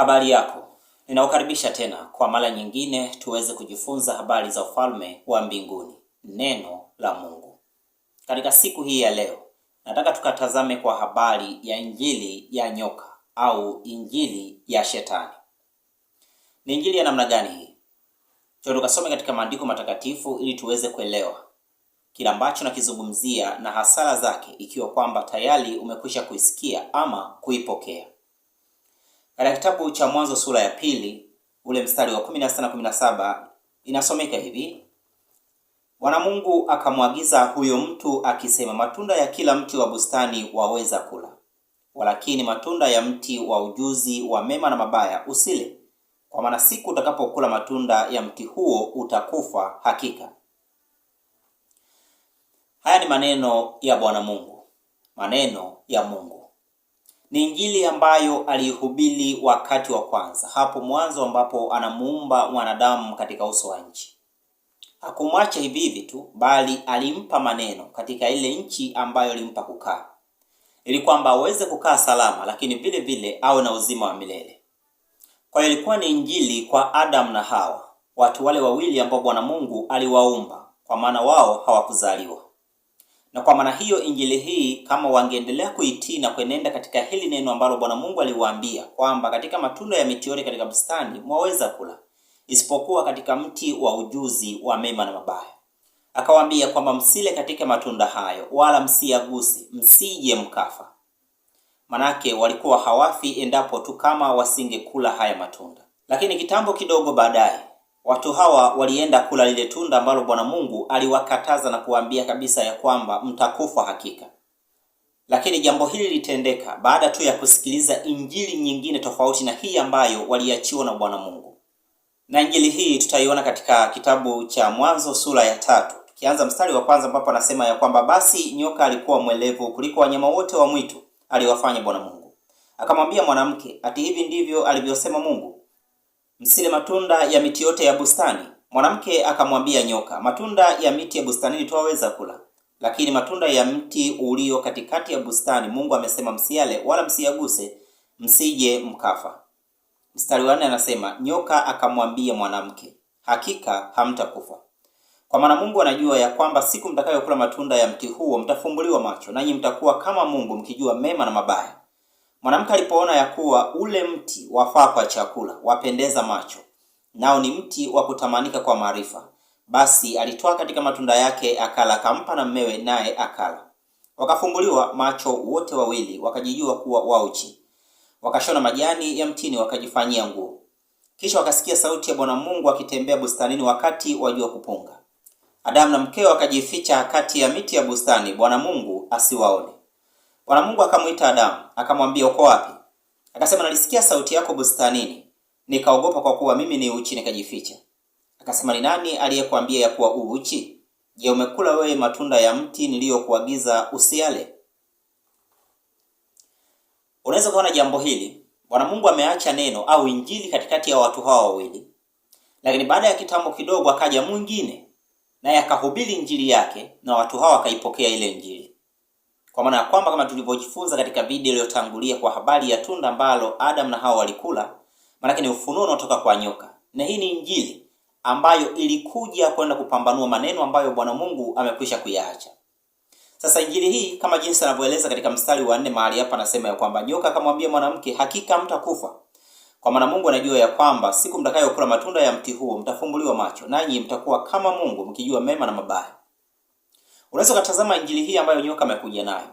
Habari yako, ninakukaribisha tena kwa mara nyingine tuweze kujifunza habari za ufalme wa mbinguni, neno la Mungu. Katika siku hii ya leo, nataka tukatazame kwa habari ya injili ya nyoka au injili ya Shetani. Ni injili ya namna gani hii? Cho, tukasome katika maandiko matakatifu ili tuweze kuelewa kila ambacho nakizungumzia na hasara zake, ikiwa kwamba tayari umekwisha kuisikia ama kuipokea. Katika kitabu cha Mwanzo sura ya pili ule mstari wa 16 na 17 inasomeka hivi: Bwana Mungu akamwagiza huyo mtu akisema, matunda ya kila mti wa bustani waweza kula, walakini matunda ya mti wa ujuzi wa mema na mabaya usile, kwa maana siku utakapokula matunda ya mti huo utakufa hakika. Haya ni maneno ya Bwana Mungu, maneno ya Mungu ni Injili ambayo aliihubiri wakati wa kwanza, hapo mwanzo ambapo anamuumba mwanadamu katika uso wa nchi. Hakumwacha hivi hivi tu, bali alimpa maneno katika ile nchi ambayo alimpa kukaa, ili kwamba aweze kukaa salama, lakini vile vile awe na uzima wa milele. Kwa hiyo ilikuwa ni Injili kwa Adamu na Hawa, watu wale wawili ambao Bwana Mungu aliwaumba, kwa maana wao hawakuzaliwa na kwa maana hiyo injili hii kama wangeendelea kuitii na kuenenda katika hili neno ambalo Bwana Mungu aliwaambia kwamba katika matunda ya miti yote katika bustani mwaweza kula, isipokuwa katika mti wa ujuzi wa mema na mabaya. Akawaambia kwamba msile katika matunda hayo, wala msiyagusi, msije mkafa. Manake walikuwa hawafi endapo tu kama wasingekula haya matunda. Lakini kitambo kidogo baadaye Watu hawa walienda kula lile tunda ambalo Bwana Mungu aliwakataza na kuwaambia kabisa ya kwamba mtakufa hakika. Lakini jambo hili litendeka baada tu ya kusikiliza injili nyingine tofauti na hii ambayo waliachiwa na Bwana Mungu, na injili hii tutaiona katika kitabu cha Mwanzo sura ya tatu tukianza mstari wa kwanza ambapo anasema ya kwamba basi nyoka alikuwa mwelevu kuliko wanyama wote wa mwitu aliwafanya Bwana Mungu, akamwambia mwanamke, ati hivi ndivyo alivyosema Mungu, msile matunda ya miti yote ya bustani. Mwanamke akamwambia nyoka, matunda ya miti ya bustanini twaweza kula, lakini matunda ya mti ulio katikati ya bustani Mungu amesema msiale wala msiyaguse, msije mkafa. Mstari wa nne anasema nyoka akamwambia mwanamke, hakika hamtakufa, kwa maana Mungu anajua ya kwamba siku mtakayokula matunda ya mti huo mtafumbuliwa macho, nanyi mtakuwa kama Mungu, mkijua mema na mabaya. Mwanamke alipoona ya kuwa ule mti wafaa kwa chakula, wapendeza macho, nao ni mti wa kutamanika kwa maarifa, basi alitoa katika matunda yake akala, akampa na mmewe, naye akala. Wakafumbuliwa macho wote wawili, wakajijua kuwa wauchi, wakashona majani ya mtini, wakajifanyia nguo. Kisha wakasikia sauti ya Bwana Mungu akitembea bustanini wakati wa jua kupunga. Adamu na mkeo wakajificha kati ya miti ya bustani, Bwana Mungu asiwaone. Bwana Mungu akamwita Adamu, akamwambia uko wapi? Akasema nalisikia sauti yako bustanini, nikaogopa kwa kuwa mimi ni uchi, nikajificha. Akasema ni nani aliyekwambia ya kuwa uuchi? Je, umekula wewe matunda ya mti niliyokuagiza usiale? Unaweza kuona jambo hili, Bwana Mungu ameacha neno au injili katikati ya watu hawa wawili, lakini baada ya kitambo kidogo akaja mwingine naye akahubiri injili yake na watu hawa wakaipokea ile injili. Kwa maana ya kwamba kama tulivyojifunza katika video iliyotangulia kwa habari ya tunda ambalo Adam na Hawa walikula, maanake ni ufunuo unaotoka kwa nyoka, na hii ni Injili ambayo ilikuja kwenda kupambanua maneno ambayo Bwana Mungu amekwisha kuyaacha. Sasa injili hii kama jinsi anavyoeleza katika mstari wa nne mahali hapa, anasema ya kwamba nyoka akamwambia mwanamke, hakika mtakufa, kwa maana Mungu anajua ya kwamba siku mtakayokula matunda ya mti huo mtafumbuliwa macho, nanyi mtakuwa kama Mungu, mkijua mema na mabaya. Unaweza kutazama injili hii ambayo nyoka amekuja nayo,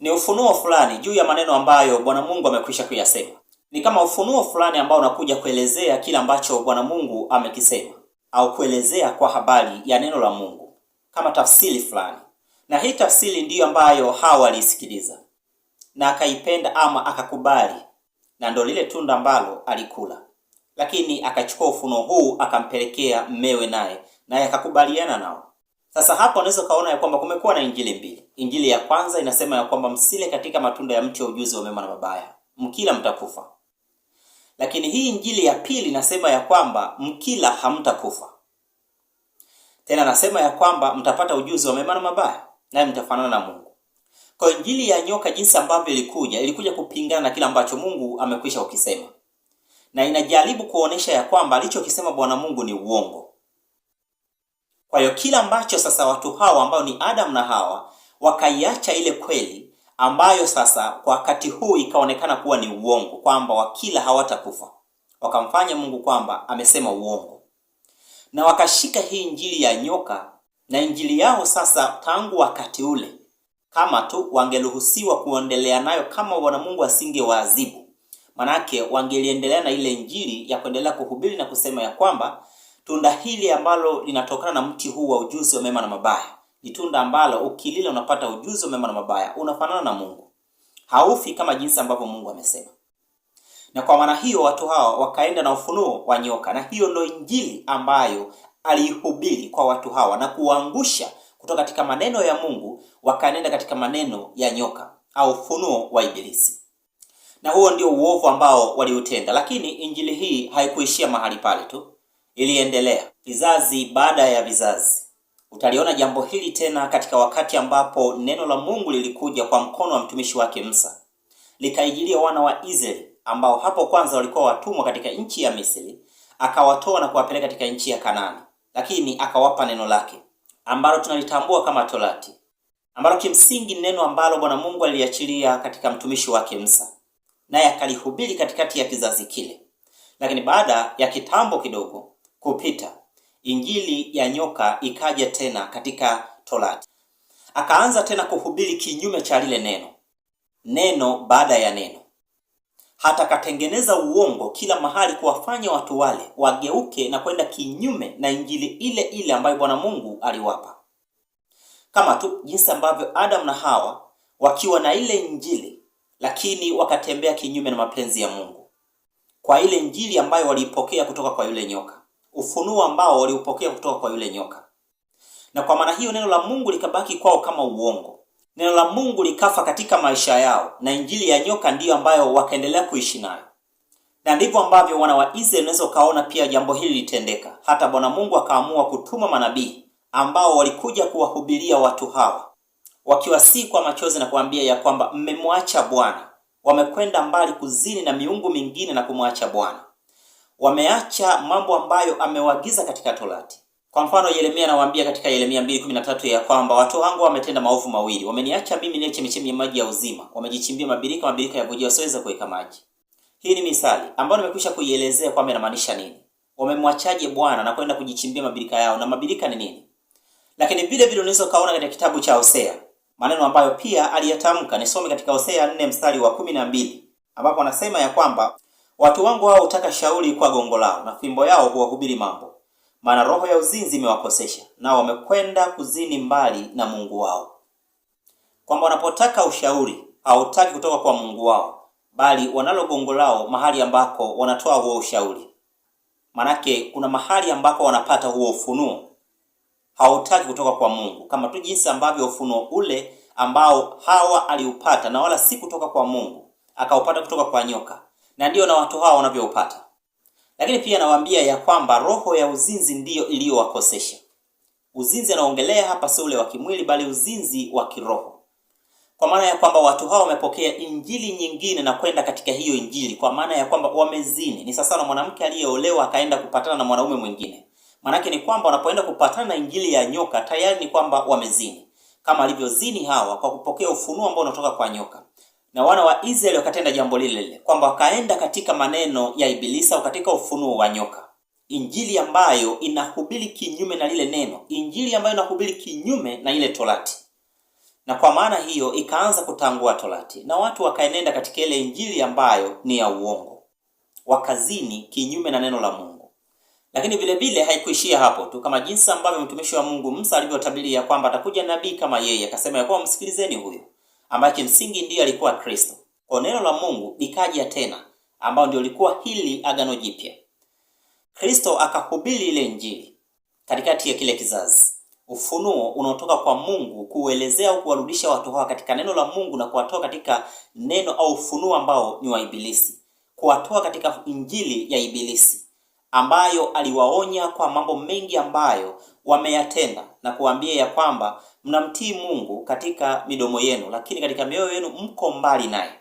ni ufunuo fulani juu ya maneno ambayo Bwana Mungu amekwisha kuyasema. Ni kama ufunuo fulani ambao unakuja kuelezea kile ambacho Bwana Mungu amekisema au kuelezea kwa habari ya neno la Mungu kama tafsiri fulani, na hii tafsiri ndiyo ambayo Hawa aliisikiliza na akaipenda ama akakubali, na ndo lile tunda ambalo alikula, lakini akachukua ufunuo huu akampelekea mmewe, naye naye akakubaliana nao. Sasa hapa unaweza ukaona ya kwamba kumekuwa na injili mbili. Injili ya kwanza inasema ya kwamba msile katika matunda ya mti wa ujuzi wa mema na mabaya, mkila mtakufa. Lakini hii injili ya pili inasema ya kwamba mkila hamtakufa. Tena nasema ya kwamba mtapata ujuzi wa mema na mabaya, naye mtafanana na Mungu. Kwa injili ya nyoka, jinsi ambavyo ilikuja, ilikuja kupingana na kile ambacho Mungu amekwisha ukisema, na inajaribu kuonesha ya kwamba alichokisema Bwana Mungu ni uongo kwa hiyo kila ambacho sasa watu hawa ambao ni Adam na Hawa wakaiacha ile kweli ambayo sasa kwa wakati huu ikaonekana kuwa ni uongo, kwamba wakila hawatakufa, wakamfanya Mungu kwamba amesema uongo, na wakashika hii injili ya nyoka na injili yao sasa, tangu wakati ule, kama tu wangeruhusiwa kuendelea nayo, kama wana Mungu asingewaadhibu, manake wangeliendelea na ile injili ya kuendelea kuhubiri na kusema ya kwamba tunda hili ambalo linatokana na mti huu wa ujuzi wa mema na mabaya ni tunda ambalo ukilila unapata ujuzi wa mema na mabaya, unafanana na Mungu, haufi kama jinsi ambavyo Mungu amesema. Na kwa maana hiyo watu hawa wakaenda na ufunuo wa nyoka, na hiyo ndio injili ambayo aliihubiri kwa watu hawa na kuwaangusha kutoka katika maneno ya Mungu, wakaenda katika maneno ya nyoka au ufunuo wa Ibilisi, na huo ndio uovu ambao waliutenda. Lakini injili hii haikuishia mahali pale tu iliendelea vizazi baada ya vizazi. Utaliona jambo hili tena katika wakati ambapo neno la Mungu lilikuja kwa mkono wa mtumishi wake Musa likaijilia wana wa Israeli ambao hapo kwanza walikuwa watumwa katika nchi ya Misri, akawatoa na kuwapeleka katika nchi ya Kanaani, lakini akawapa neno lake ambalo tunalitambua kama Torati, ambalo kimsingi neno ambalo Bwana Mungu aliliachilia katika mtumishi wake Musa, naye akalihubiri katikati ya kizazi kile. Lakini baada ya kitambo kidogo kupita. Injili ya nyoka ikaja tena katika Torati, akaanza tena kuhubiri kinyume cha lile neno, neno baada ya neno, hata akatengeneza uongo kila mahali, kuwafanya watu wale wageuke na kwenda kinyume na injili ile ile ambayo Bwana Mungu aliwapa, kama tu jinsi ambavyo Adamu na Hawa wakiwa na ile injili lakini wakatembea kinyume na mapenzi ya Mungu kwa ile injili ambayo waliipokea kutoka kwa yule nyoka ufunuo ambao waliupokea kutoka kwa yule nyoka. Na kwa maana hiyo neno la Mungu likabaki kwao kama uongo, neno la Mungu likafa katika maisha yao, na injili ya nyoka ndiyo ambayo wakaendelea kuishi nayo. Na ndivyo ambavyo wana wa Israeli unaweza ukaona pia jambo hili litendeka, hata Bwana Mungu akaamua kutuma manabii ambao walikuja kuwahubiria watu hawa wakiwasii kwa machozi na kuambia ya kwamba mmemwacha Bwana, wamekwenda mbali kuzini na miungu mingine na kumwacha Bwana wameacha mambo ambayo amewagiza katika Torati. Kwa mfano, Yeremia anawaambia katika Yeremia 2:13 ya kwamba watu wangu wametenda maovu mawili, wameniacha mimi niye chemichemi ya maji ya uzima, wamejichimbia mabirika, mabirika ya bujia wasioweza kuweka maji. Hii ni misali ambayo nimekwisha kuielezea kwamba inamaanisha nini. Wamemwachaje Bwana na kwenda kujichimbia mabirika yao, na mabirika ni nini? Lakini vile vile unaweza kaona katika kitabu cha Hosea maneno ambayo pia aliyatamka. Nisome katika Hosea 4 mstari wa 12 ambapo anasema ya kwamba Watu wangu hao hutaka shauri kwa gongo lao, na fimbo yao huwahubiri mambo. Maana roho ya uzinzi imewakosesha, nao wamekwenda kuzini mbali na Mungu wao. Kwamba wanapotaka ushauri hautaki kutoka kwa Mungu wao, bali wanalo gongo lao mahali ambako wanatoa huo ushauri. Manake kuna mahali ambako wanapata huo ufunuo hautaki kutoka kwa Mungu, kama tu jinsi ambavyo ufunuo ule ambao Hawa aliupata na wala si kutoka kwa Mungu, akaupata kutoka kwa nyoka na ndiyo na watu hao wanavyoupata. Lakini pia nawaambia ya kwamba roho ya uzinzi ndiyo iliyowakosesha. Uzinzi anaongelea hapa si ule wa kimwili, bali uzinzi wa kiroho, kwa maana ya kwamba watu hao wamepokea injili nyingine na kwenda katika hiyo injili, kwa maana ya kwamba wamezini. Ni sasa na mwanamke aliyeolewa akaenda kupatana na mwanaume mwingine. Maanake ni kwamba wanapoenda kupatana na injili ya nyoka, tayari ni kwamba wamezini, kama alivyozini Hawa kwa kupokea ufunuo ambao unatoka kwa nyoka na wana wa Israeli wakatenda jambo lile lile, kwamba wakaenda katika maneno ya Ibilisi au katika ufunuo wa nyoka, injili ambayo inahubiri kinyume na lile neno, injili ambayo inahubiri kinyume na ile torati. Na kwa maana hiyo ikaanza kutangua torati, na watu wakaenenda katika ile injili ambayo ni ya uongo, wakazini kinyume na neno la Mungu. Lakini vile vile haikuishia hapo tu, kama jinsi ambavyo mtumishi wa Mungu Musa alivyotabiria kwamba atakuja nabii kama yeye, akasema ya kwamba msikilizeni huyo ambayo kimsingi ndiyo alikuwa Kristo. Kwa neno la Mungu likaja tena, ambayo ndio likuwa hili agano jipya. Kristo akahubiri ile Injili katikati ya kile kizazi, ufunuo unaotoka kwa Mungu kuelezea au kuwarudisha watu hawa katika neno la Mungu na kuwatoa katika neno au ufunuo ambao ni wa Ibilisi, kuwatoa katika injili ya Ibilisi ambayo aliwaonya kwa mambo mengi ambayo wameyatenda na kuambia ya kwamba mnamtii Mungu katika midomo yenu, lakini katika mioyo yenu mko mbali naye,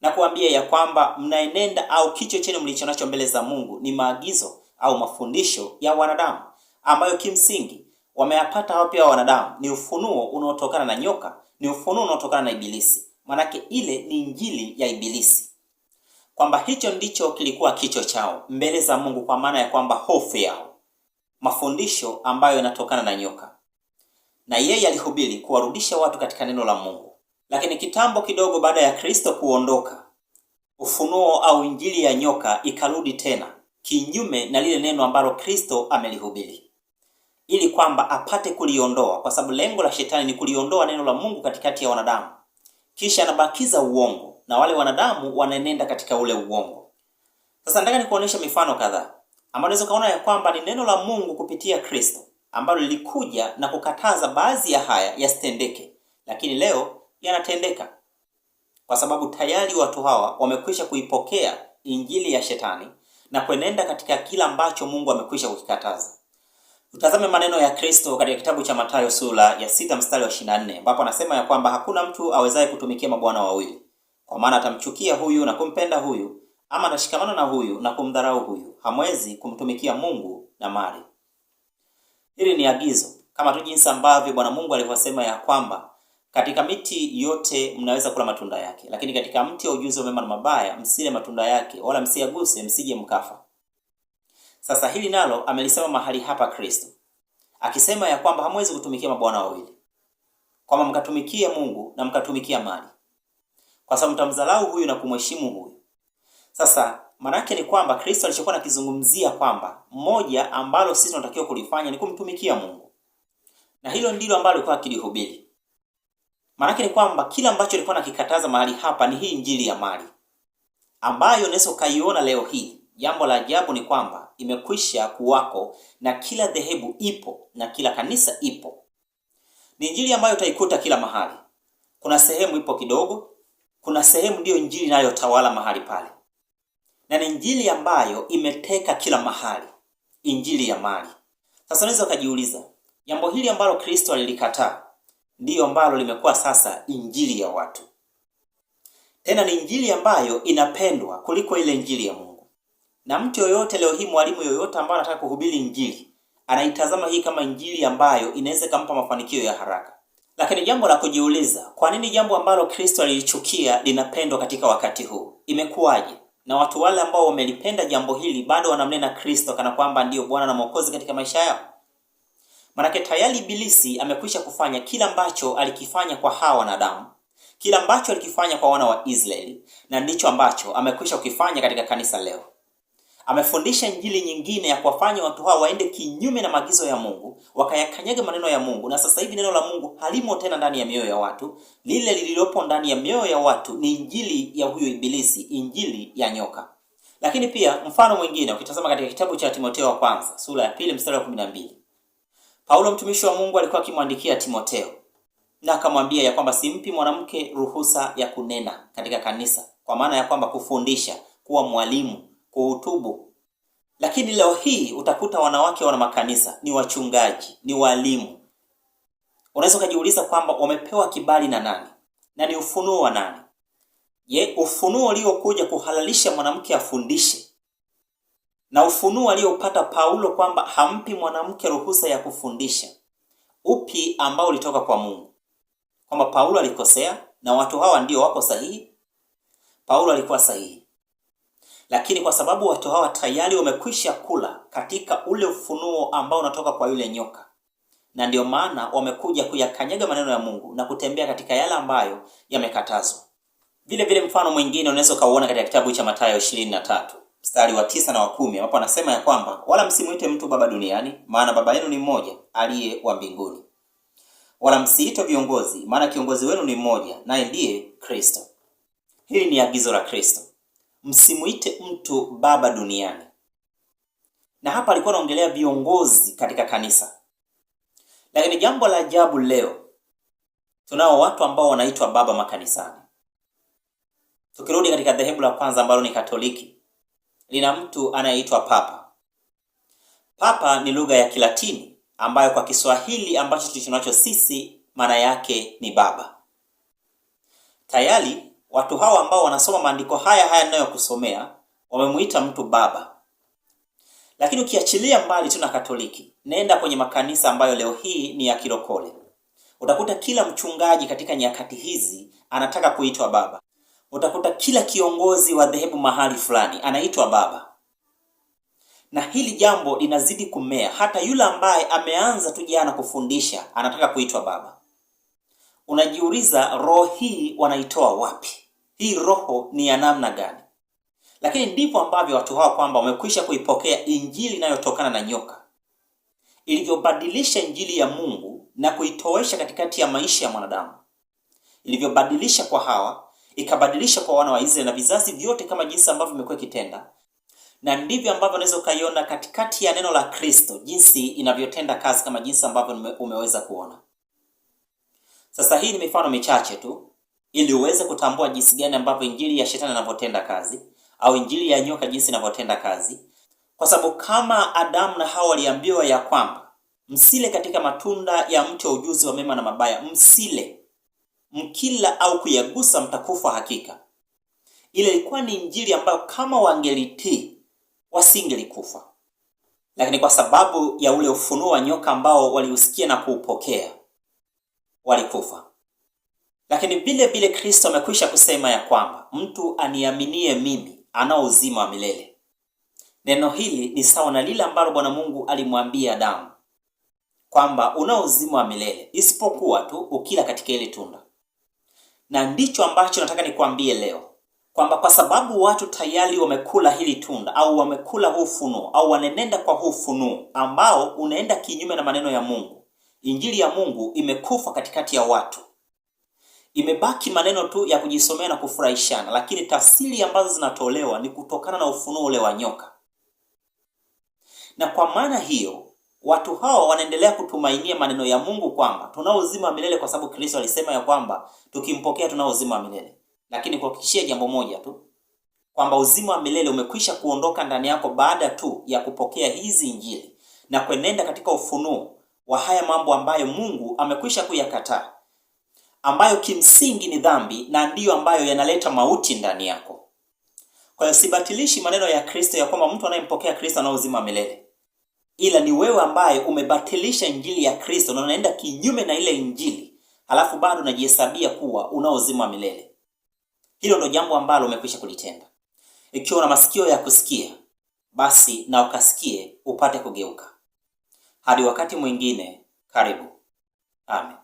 na kuambia ya kwamba mnaenenda au kicho chenu mlicho nacho mbele za Mungu ni maagizo au mafundisho ya wanadamu ambayo kimsingi wameyapata wapi? Wa wanadamu ni ufunuo unaotokana na nyoka, ni ufunuo unaotokana na Ibilisi. Manake ile ni injili ya Ibilisi, kwamba hicho ndicho kilikuwa kicho chao mbele za Mungu, kwa maana ya kwamba hofu yao mafundisho ambayo yanatokana na nyoka, na yeye alihubiri kuwarudisha watu katika neno la Mungu. Lakini kitambo kidogo baada ya Kristo kuondoka, ufunuo au injili ya nyoka ikarudi tena kinyume na lile neno ambalo Kristo amelihubiri ili kwamba apate kuliondoa, kwa sababu lengo la shetani ni kuliondoa neno la Mungu katikati ya wanadamu, kisha anabakiza uongo na wale wanadamu wanaenenda katika ule uongo. Sasa nataka nikuonyesha mifano kadhaa ambao unaweza ukaona ya kwamba ni neno la Mungu kupitia Kristo ambalo lilikuja na kukataza baadhi ya haya yasitendeke, lakini leo yanatendeka kwa sababu tayari watu hawa wamekwisha kuipokea injili ya shetani na kuenenda katika kila ambacho Mungu amekwisha kukikataza. Tutazame maneno ya Kristo katika kitabu cha Mathayo sura ya sita mstari wa 24 ambapo anasema ya kwamba hakuna mtu awezaye kutumikia mabwana wawili, kwa maana atamchukia huyu na kumpenda huyu ama anashikamana na huyu na kumdharau huyu, hamwezi kumtumikia Mungu na mali. Hili ni agizo kama tu jinsi ambavyo Bwana Mungu alivyosema ya kwamba katika miti yote mnaweza kula matunda yake, lakini katika mti wa ujuzi wa mema na mabaya msile matunda yake, wala msiyaguse, msije mkafa. Sasa hili nalo amelisema mahali hapa Kristo akisema ya kwamba hamwezi kutumikia mabwana wawili, kwamba mkatumikie Mungu na mkatumikia mali, kwa sababu mtamdharau huyu na kumheshimu huyu sasa yake ni kwamba Kristo alichokuwa nakizungumzia kwamba moja ambalo sisi tunatakiwa kulifanya ni kumtumikia Mungu, na hilo ndilo ambalo alikuwa akilihubiri. yake ni kwamba kila ambacho alikuwa nakikataza mahali hapa ni hii injili ya mali ambayo unaweza ukaiona leo hii. Jambo la ajabu ni kwamba imekwisha kuwako na kila dhehebu ipo na kila kanisa ipo. Ni injili ambayo utaikuta kila mahali. Kuna sehemu ipo kidogo, kuna sehemu ndiyo injili inayotawala mahali pale na ni injili ambayo imeteka kila mahali, injili ya mali. Sasa unaweza ukajiuliza, jambo hili ambalo Kristo alilikataa ndiyo ambalo limekuwa sasa injili ya watu, tena ni injili ambayo inapendwa kuliko ile injili ya Mungu. Na mtu yoyote leo hii, mwalimu yoyote ambaye anataka kuhubiri injili anaitazama hii kama injili ambayo inaweza ikampa mafanikio ya haraka. Lakini jambo la kujiuliza, kwa nini jambo ambalo Kristo alilichukia linapendwa katika wakati huu? Imekuwaje? na watu wale ambao wamelipenda jambo hili bado wanamnena Kristo kana kwamba ndiyo Bwana na Mwokozi katika maisha yao. Manake tayari Ibilisi amekwisha kufanya kila ambacho alikifanya kwa hawa wanadamu, kila ambacho alikifanya kwa wana wa Israeli, na ndicho ambacho amekwisha kukifanya katika kanisa leo. Amefundisha injili nyingine ya kuwafanya watu hao waende kinyume na maagizo ya Mungu, wakayakanyaga maneno ya Mungu, na sasa hivi neno la Mungu halimo tena ndani ya mioyo ya watu. Lile lililopo ndani ya mioyo ya watu ni injili ya huyo Ibilisi, injili ya nyoka. Lakini pia mfano mwingine ukitazama katika kitabu cha Timotheo wa kwanza sura ya pili mstari wa mbili Paulo mtumishi wa Mungu alikuwa akimwandikia Timotheo na akamwambia ya kwamba simpi mwanamke ruhusa ya kunena katika kanisa, kwa maana ya kwamba kufundisha, kuwa mwalimu kuhutubu. Lakini leo hii utakuta wanawake wana makanisa, ni wachungaji, ni walimu. Unaweza ukajiuliza kwamba wamepewa kibali na nani na ni ufunuo wa nani? Je, ufunuo uliokuja kuhalalisha mwanamke afundishe na ufunuo aliopata Paulo kwamba hampi mwanamke ruhusa ya kufundisha, upi ambao ulitoka kwa Mungu? Kwamba Paulo alikosea na watu hawa ndio wako sahihi? Paulo alikuwa sahihi. Lakini kwa sababu watu hawa tayari wamekwisha kula katika ule ufunuo ambao unatoka kwa yule nyoka, na ndiyo maana wamekuja kuyakanyaga maneno ya Mungu na kutembea katika yale ambayo yamekatazwa. Vile vile mfano mwingine unaweza ukauona katika kitabu cha Mathayo 23 mstari wa tisa na wa kumi ambapo anasema ya kwamba wala msimuite mtu baba duniani, maana baba yenu ni mmoja aliye wa mbinguni, wala msiito viongozi, maana kiongozi wenu ni mmoja, naye ndiye Kristo. Hili ni agizo la Kristo msimuite mtu baba duniani. Na hapa alikuwa anaongelea viongozi katika kanisa. Lakini jambo la ajabu leo, tunao watu ambao wanaitwa baba makanisani. Tukirudi katika dhehebu la kwanza ambalo ni Katoliki, lina mtu anayeitwa papa. Papa ni lugha ya Kilatini ambayo kwa Kiswahili ambacho tulichonacho sisi maana yake ni baba. Tayari Watu hawa ambao wanasoma maandiko haya haya ninayokusomea wamemuita mtu baba. Lakini ukiachilia mbali tu na Katoliki, nenda kwenye makanisa ambayo leo hii ni ya kirokole, utakuta kila mchungaji katika nyakati hizi anataka kuitwa baba. Utakuta kila kiongozi wa dhehebu mahali fulani anaitwa baba, na hili jambo linazidi kumea. Hata yule ambaye ameanza tu jana kufundisha anataka kuitwa baba. Unajiuliza, roho hii wanaitoa wapi? hii roho ni ya namna gani lakini ndipo ambavyo watu hawa kwamba wamekwisha kuipokea injili inayotokana na nyoka ilivyobadilisha injili ya mungu na kuitoesha katikati ya maisha ya mwanadamu ilivyobadilisha kwa hawa ikabadilisha kwa wana wa israeli na vizazi vyote kama jinsi ambavyo imekuwa ikitenda na ndivyo ambavyo unaweza ukaiona katikati ya neno la kristo jinsi inavyotenda kazi kama jinsi ambavyo umeweza kuona sasa hii ni mifano michache tu ili uweze kutambua jinsi gani ambavyo injili ya shetani inavyotenda kazi au injili ya nyoka jinsi inavyotenda kazi, kwa sababu kama Adamu na Hawa waliambiwa ya kwamba msile katika matunda ya mti wa ujuzi wa mema na mabaya, msile, mkila au kuyagusa mtakufa hakika. Ile ilikuwa ni injili ambayo kama wangelitii wasingelikufa, lakini kwa sababu ya ule ufunuo wa nyoka ambao waliusikia na kuupokea walikufa. Lakini vile vile Kristo amekwisha kusema ya kwamba mtu aniaminie mimi anao uzima wa milele. Neno hili ni sawa na lile ambalo Bwana Mungu alimwambia Adamu kwamba unao uzima wa milele isipokuwa tu ukila katika ile tunda, na ndicho ambacho nataka nikwambie leo kwamba kwa sababu watu tayari wamekula hili tunda au wamekula huu funuo au wanenenda kwa huu funuo ambao unaenda kinyume na maneno ya Mungu. Injili ya Mungu imekufa katikati ya watu imebaki maneno tu ya kujisomea na kufurahishana, lakini tafsiri ambazo zinatolewa ni kutokana na ufunuo ule wa nyoka. Na kwa maana hiyo watu hao wanaendelea kutumainia maneno ya Mungu kwamba tunao uzima wa milele, kwa sababu Kristo alisema ya kwamba tukimpokea tunao uzima wa milele. Lakini kuhakikishia jambo moja tu kwamba uzima wa milele umekwisha kuondoka ndani yako baada tu ya kupokea hizi Injili na kuenenda katika ufunuo wa haya mambo ambayo Mungu amekwisha kuyakataa ambayo kimsingi ni dhambi na ndiyo ambayo yanaleta mauti ndani yako. Kwa hiyo sibatilishi maneno ya Kristo ya kwamba mtu anayempokea Kristo ana uzima milele, ila ni wewe ambaye umebatilisha injili ya Kristo na unaenda kinyume na ile injili, alafu bado unajihesabia kuwa una uzima milele. Hilo ndo jambo ambalo umekwisha kulitenda. Ikiwa una masikio ya kusikia, basi na ukasikie upate kugeuka. Hadi wakati mwingine, karibu. Amen.